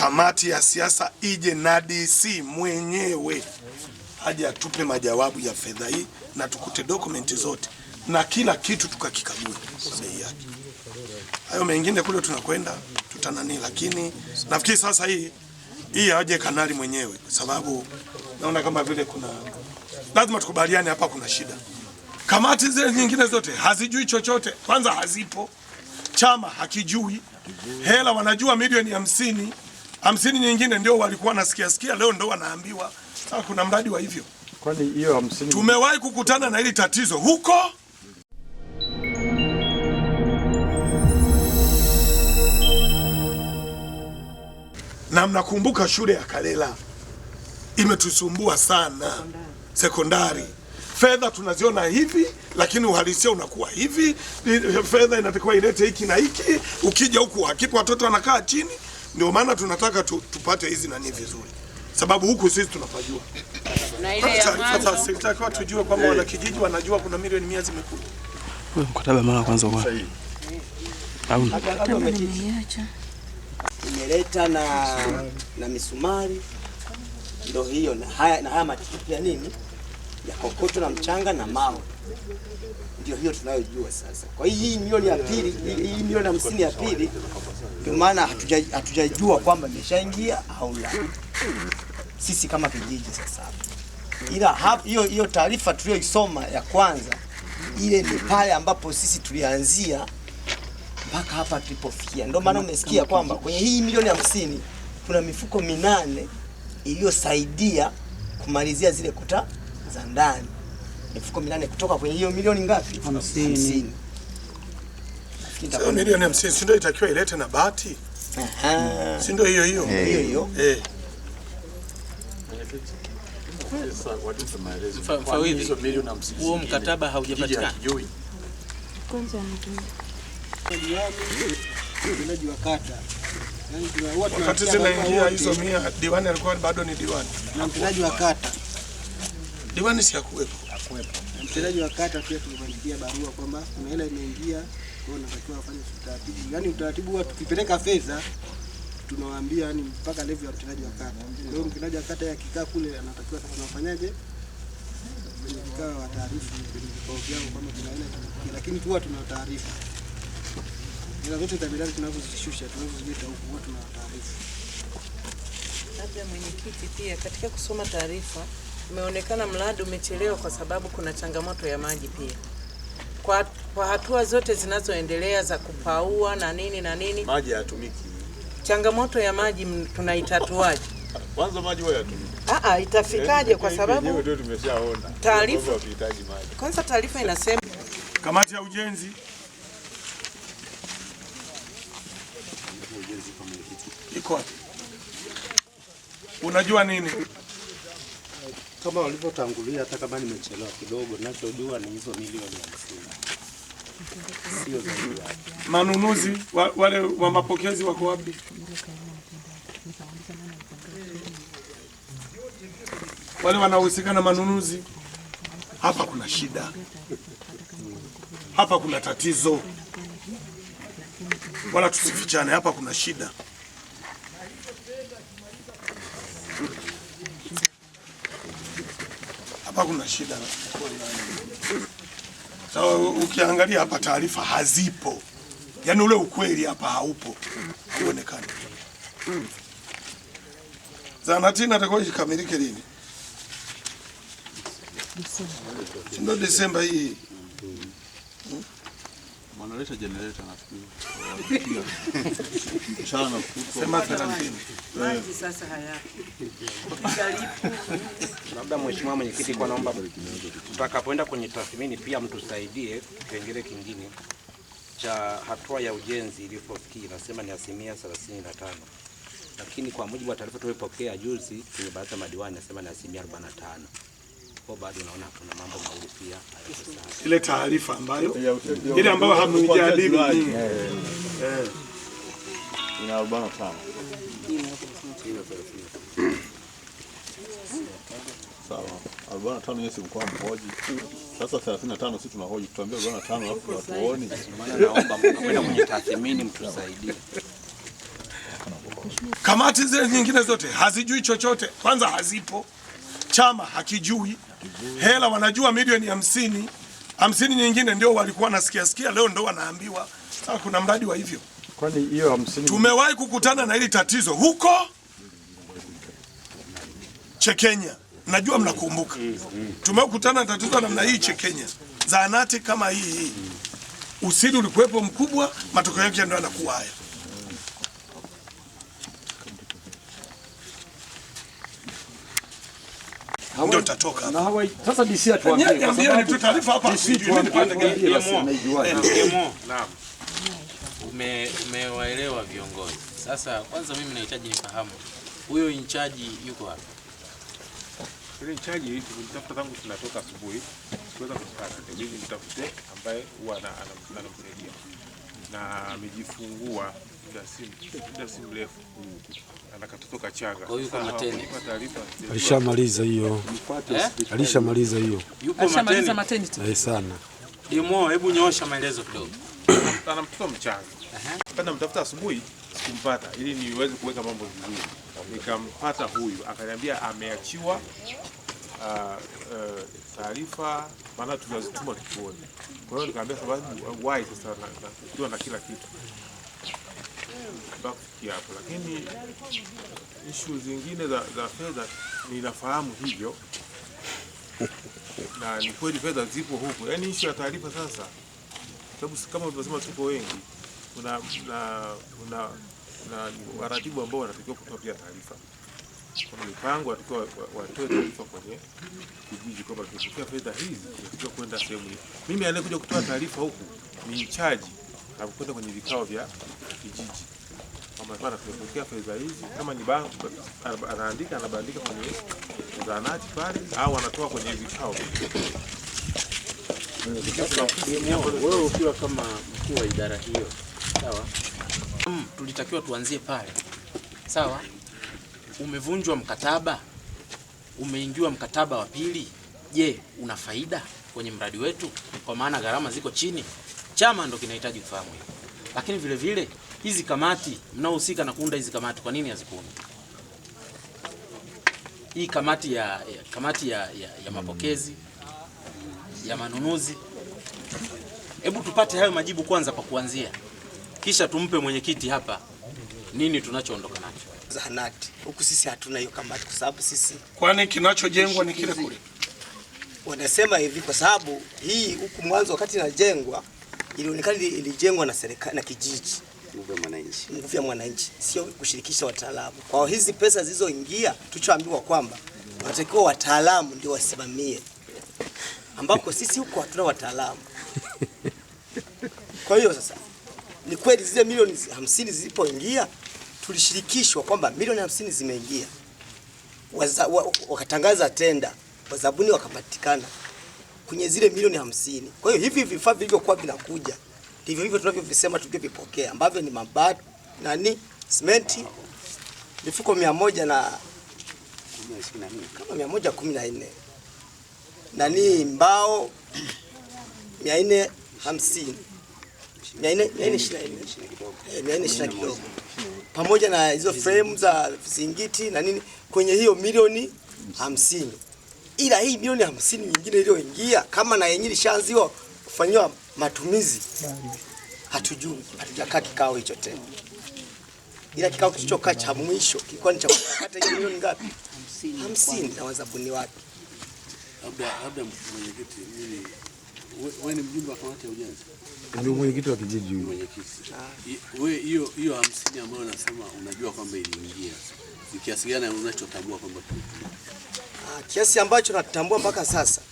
kamati ya siasa ije na DC mwenyewe aje atupe majawabu ya fedha hii na tukute dokumenti zote na kila kitu tukakikagua bei yake. Hayo mengine kule tunakwenda tutanani, lakini nafikiri sasa hii hii aje kanali mwenyewe, kwa sababu naona kama vile kuna lazima tukubaliane hapa, kuna shida. Kamati zile nyingine zote hazijui chochote, kwanza hazipo, chama hakijui hela, wanajua milioni hamsini hamsini nyingine ndio walikuwa nasikia sikia, leo ndo wanaambiwa sasa kuna mradi wa hivyo. Kwani hiyo hamsini, tumewahi kukutana na hili tatizo huko na mnakumbuka shule ya Kalela imetusumbua sana sekondari. Fedha tunaziona hivi, lakini uhalisia unakuwa hivi. Fedha inatakiwa ilete hiki na hiki, ukija huku hakipo, watoto wanakaa chini. Ndio maana tunataka tu, tupate hizi nani vizuri, sababu huku sisi tunapajua na ile ya mwanzo kwamba wana kijiji wanajua kuna milioni mia zimekuja. mkataba hmm, mara kwanza kwa imeleta na na misumari ndio hiyo na haya na haya matiki ya nini ya kokoto na mchanga na mawe. Ndio hiyo tunayojua sasa. Kwa hiyo hii milioni ya pili, hii milioni hamsini ya pili, ndio maana hatujajua kwamba imeshaingia au la, sisi kama kijiji sasa. Ila hiyo hiyo taarifa tuliyoisoma ya kwanza, ile ni pale ambapo sisi tulianzia mpaka hapa tulipofikia. Ndio maana umesikia kwamba kwenye hii milioni hamsini kuna mifuko minane iliyosaidia kumalizia zile kuta za ndani elfu kumi na nane kutoka kwenye hiyo milioni ngapi? Hamsini. Milioni hamsini si ndio itakiwa ilete na bati, si ndio hiyo hiyo hiyo hiyo eh. huo mkataba haujapatikana. Wakati zinaingia hizo mia, diwani alikuwa bado ni diwani na mtendaji wa kata Diwani si hakuwepo. Hakuwepo. Mtendaji wa kata pia tulimwandikia barua kwamba kuna hela imeingia, kwa hiyo natakiwa afanye utaratibu. Yaani utaratibu wa tukipeleka fedha tunawaambia yani mpaka level ya mtendaji wa kata. Kwa hiyo mtendaji wa kata akikaa kule anatakiwa sasa Kwenye Kikao wa taarifa kwenye vikao vyao kwamba kuna hela lakini tu tuna taarifa. Hela zote za miradi tunazozishusha tunazozileta huku huwa tuna taarifa. Labda mwenyekiti pia katika kusoma taarifa umeonekana mradi umechelewa kwa sababu kuna changamoto ya maji pia. Kwa, kwa hatua zote zinazoendelea za kupaua na nini na nini, maji hayatumiki. Changamoto ya maji tunaitatuaje? Kwanza maji wao yatumiki. Ah ah, itafikaje? Kwa sababu tumeshaona taarifa, kwanza taarifa inasema kamati ya ujenzi iko, unajua nini kama walivyotangulia, hata kama nimechelewa kidogo, ninachojua ni hizo milioni hamsini sio Manunuzi wa, wale wa mapokezi wako wapi? Wale wanaohusika na manunuzi hapa kuna shida, hapa kuna tatizo, wala tusifichane, hapa kuna shida. hakuna shida. So, ukiangalia hapa taarifa hazipo, yaani ule ukweli hapa haupo, uonekane zahanati inatakiwa ikamilike lini? Ndio Desemba hii hmm? wanaleta generator nafikiri mchana maji sasa hayapo. Labda mheshimiwa mwenyekiti, kwa naomba tutakapoenda kwenye tathmini pia mtusaidie kipengele kingine cha hatua ya ujenzi iliyofikia, nasema ni asilimia tano lakini kwa mujibu wa taarifa tuliyopokea juzi kwenye baadhi ya madiwani nasema ni asilimia tano huko bado naona kuna mambo mawili pia, ile taarifa ambayo ile ambayo hamjadili eh. ina Kamati zile nyingine zote hazijui chochote, kwanza hazipo, chama hakijui hela wanajua milioni hamsini hamsini nyingine ndio walikuwa nasikia sikia, leo ndo wanaambiwa sasa kuna mradi wa hivyo. Kwani hiyo hamsini, tumewahi kukutana na hili tatizo huko Chekenya, najua mnakumbuka, tumekutana na tatizo namna hii Chekenya, zahanati kama hii hii, usiri ulikuwepo mkubwa, matokeo yake ndio yanakuwa haya. ndio tatoka. Na hawa sasa DC atuambie kwa sababu taarifa hapa eh, naam. Ume umewaelewa viongozi. Sasa kwanza mimi nahitaji nifahamu huyo inchaji yuko wapi? Yule inchaji tulimtafuta tangu tunatoka asubuhi. Tuweza kupata mimi ambaye huwa anamsaidia. Na amejifungua Alishamaliza hiyo, eh? alishamaliza hiyo eh, sana. Hebu nyoosha maelezo kidogo. Ana mtoto mchanga, namtafuta asubuhi, sikumpata ili niweze kuweka mambo vizuri. Nikampata huyu, akaniambia ameachiwa ah, eh, taarifa maana tunazituma kituoni. Kwa hiyo nikamwambia sababu why sasa, na kila kitu mpaka kufikia hapo, lakini ishu zingine za, za fedha ninafahamu hivyo na ni kweli fedha zipo huku, yaani ishu ya taarifa sasa, sababu kama ulivyosema tuko wengi, kuna na waratibu ambao wanatakiwa kutoa pia taarifa kuna mipango watakiwa watoe taarifa kwenye kijiji kwamba tukipokea fedha hizi tunatakiwa kwenda sehemu hii. Mimi anayekuja kutoa taarifa huku ni mchaji na kwenye vikao vya kijiji wamekuwa natupokea fedha hizi, kama ni bank anaandika anabandika kwenye zahanati pale, au anatoa kwenye vikao. Wewe ukiwa kama mkuu wa idara hiyo, sawa, mm, tulitakiwa tuanzie pale, sawa. Umevunjwa mkataba, umeingiwa mkataba wa pili. Je, una faida kwenye mradi wetu? Kwa maana gharama ziko chini. Chama ndo kinahitaji kufahamu hiyo, lakini vile vile hizi kamati mnaohusika na kuunda hizi kamati, kwa nini hazikuundwa? Hii kamati ya, ya, kamati ya, ya, ya mapokezi ya manunuzi, hebu tupate hayo majibu kwanza kwa kuanzia, kisha tumpe mwenyekiti hapa nini tunachoondoka nacho zahanati huku sisi hatuna hiyo kamati, kwa sababu sisi, kwani kinachojengwa ni kile kule. Wanasema hivi kwa sababu hii huku mwanzo wakati inajengwa ilionekana ilijengwa na serikali na kijiji nguvu ya mwananchi, sio kushirikisha wataalamu. Kwa hizi pesa zilizoingia, tuchoambiwa kwamba wanatakiwa wataalamu ndio wasimamie, ambako sisi huko hatuna wataalamu. Kwa hiyo sasa ni kweli zile milioni hamsini zilipoingia tulishirikishwa kwamba milioni hamsini zimeingia, wakatangaza tenda, wazabuni wakapatikana kwenye zile milioni hamsini. Kwa hiyo hivi vifaa vilivyokuwa vinakuja ndivyo hivyo tunavyovisema tukivyopokea, ambavyo ni mabati, nani, simenti, mifuko mia moja na kama mia moja kumi na nne nani, mbao mia nne hamsini mia nne ishirini eh, kidogo, pamoja na hizo frame za vizingiti na nini, kwenye hiyo milioni hamsini ila hii milioni hamsini nyingine iliyoingia kama na yenyewe ilishaanziwa kufanyiwa matumizi hatujui, hatujakaa kikao hicho tena, ila kikao kilichokaa cha mwisho kilikuwa ni cha kupata milioni ngapi? hamsini na wazabuni wake. Labda mwenyekiti, mimi wewe ni mjumbe wa kamati ya ujenzi, ndio mwenyekiti wa kijiji huyo. Mwenyekiti wewe, hiyo hiyo hamsini ambayo unasema unajua kwamba iliingia ni kiasi gani unachotambua kwamba ah, kiasi ambacho natambua mpaka sasa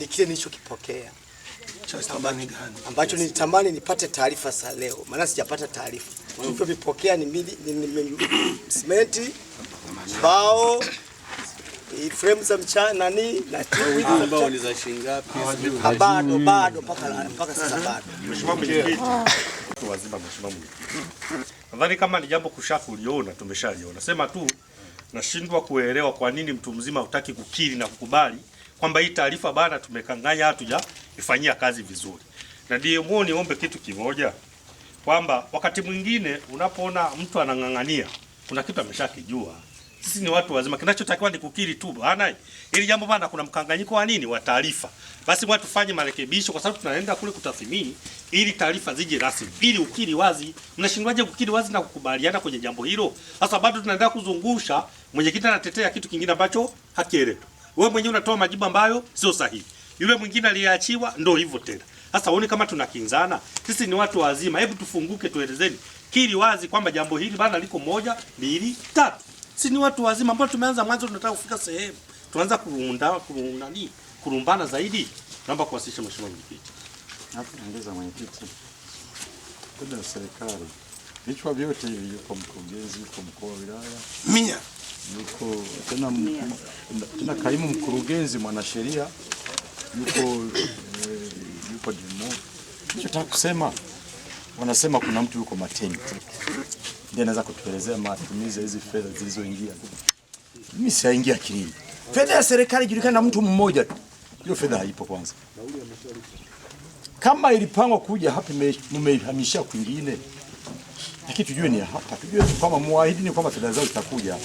ni kile nilichokipokea ambacho nilitamani nipate taarifa saa leo, maana sijapata taarifa. ni mili ni, simenti, mbao, frame za mchana nani na ah, bado bado mpaka sasa bado wazima mheshimiwa mwenyekiti, nadhani kama ni jambo kushakuliona, tumeshaliona. Sema tu nashindwa kuelewa kwa nini mtu mzima hutaki kukiri na kukubali kwamba hii taarifa bana tumekanganya, hatuja ifanyia kazi vizuri. Na DMO, niombe kitu kimoja kwamba wakati mwingine unapoona mtu anang'ang'ania, kuna kitu ameshakijua. Sisi ni watu wazima, kinachotakiwa ni kukiri tu bana, ili jambo bana, kuna mkanganyiko wa nini wa taarifa, basi mwa tufanye marekebisho, kwa sababu tunaenda kule kutathimini ili taarifa zije rasmi, ili ukiri wazi. Mnashindwaje kukiri wazi na kukubaliana kwenye jambo hilo? Sasa bado tunaenda kuzungusha, mwenyekiti anatetea kitu kingine ambacho hakieleweki, wewe mwenyewe unatoa majibu ambayo sio sahihi yule mwingine aliyeachiwa, ndio hivyo tena. Sasa uone kama tunakinzana sisi, ni watu wazima. Hebu tufunguke, tuelezeni kili wazi kwamba jambo hili bana liko moja, mbili, tatu. Sisi ni watu wazima ambao tumeanza mwanzo, tunataka kufika sehemu tunaanza kuunda kuunda kunani kurumbana zaidi. Naomba kuwasilisha mheshimiwa mwenyekiti. Hapo naongeza mwenyekiti, kuna serikali vichwa vyote hivi, yuko mkurugenzi, yuko mkuu wa wilaya mia, yuko tena tena kaimu mkurugenzi, mwanasheria yuko eh, yuko demo. Nachotaka kusema wanasema kuna mtu yuko Mateni ndiye anaweza kutuelezea matumizi hizi fedha zilizoingia. Mimi siaingia kinini, fedha ya serikali ijulikana na mtu mmoja tu. Hiyo fedha haipo. Kwanza, kama ilipangwa kuja hapa, mumeihamishia kwingine, lakini tujue ni hapa, tujue kwamba muahidi ni kwamba fedha zao zitakuja.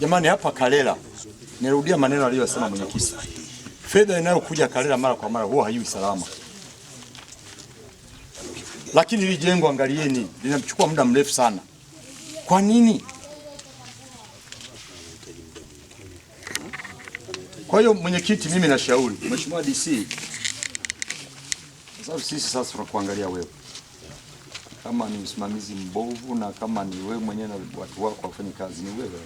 Jamani, hapa Kalela Nirudia maneno aliyosema mwenyekiti, fedha inayokuja kalela mara kwa mara huwa haiwi salama, lakini hili jengo angalieni, linachukua muda mrefu sana. Kwa nini? Kwa hiyo mwenyekiti, mimi nashauri mheshimiwa DC, sababu sisi sasa tunakuangalia wewe kama ni msimamizi mbovu na kama ni wewe mwenyewe na watu wako wafanye kazi, ni wewe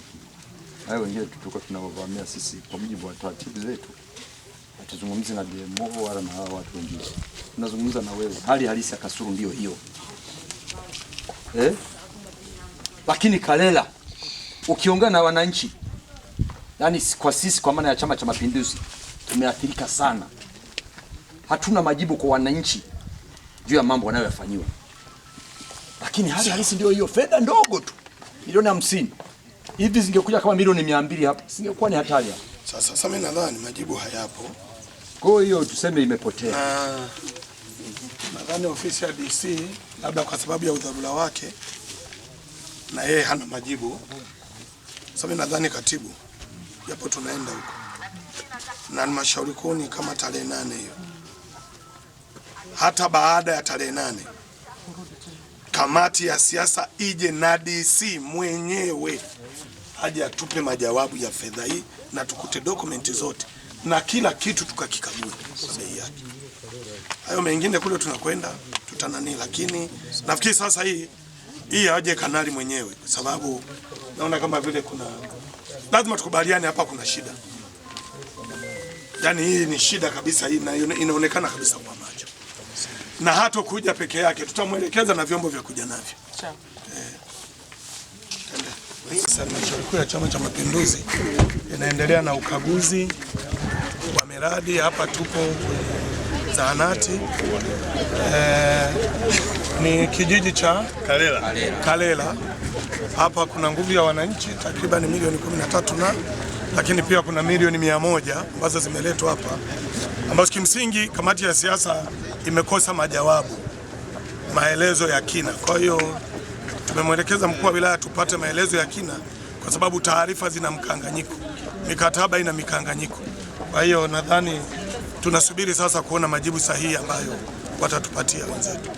hayo wengine tutoka tunawavamia sisi kwa mujibu wa taratibu zetu. atuzungumzi na DMO wala na hawa watu wengine, tunazungumza na wewe. Hali halisi ya Kasulu ndio hiyo eh? Lakini Kalela ukiongea na wananchi, yani kwa sisi, kwa maana ya Chama cha Mapinduzi tumeathirika sana. Hatuna majibu kwa wananchi juu ya mambo wanayoyafanyiwa, lakini hali halisi ndio hiyo. Fedha ndogo tu milioni hamsini hivi zingekuja kama milioni mia mbili hapa, singekuwa ni hatari hapa. Sasa sasa mimi nadhani majibu hayapo, kwa hiyo tuseme imepotea. Ah. Nadhani ofisi ya DC labda kwa sababu ya udharura wake na yeye hana majibu. Sasa mimi nadhani katibu, japo tunaenda huko na halmashauri kuu ni kama tarehe nane hiyo, hata baada ya tarehe nane kamati ya siasa ije na DC mwenyewe aje atupe majawabu ya fedha hii na tukute dokumenti zote na kila kitu tukakikague bei yake. Hayo mengine kule tunakwenda tutanani, lakini nafikiri sasa hii hii aje kanali mwenyewe, kwa sababu naona kama vile kuna lazima tukubaliane hapa, kuna shida. Yaani hii ni shida kabisa, hii inaonekana kabisa kwa macho, na hata kuja peke yake tutamwelekeza na vyombo vya kuja navyo eh. Halmashauri kuu ya Chama cha Mapinduzi inaendelea na ukaguzi wa miradi. Hapa tupo kwenye zahanati e, ni kijiji cha Kalela. Kalela hapa kuna nguvu ya wananchi takriban milioni 13 na lakini pia kuna milioni mia moja ambazo zimeletwa hapa ambazo kimsingi kamati ya siasa imekosa majawabu maelezo ya kina, kwa hiyo tumemwelekeza mkuu wa wilaya tupate maelezo ya kina, kwa sababu taarifa zina mkanganyiko, mikataba ina mikanganyiko. Kwa hiyo nadhani tunasubiri sasa kuona majibu sahihi ambayo watatupatia wenzetu.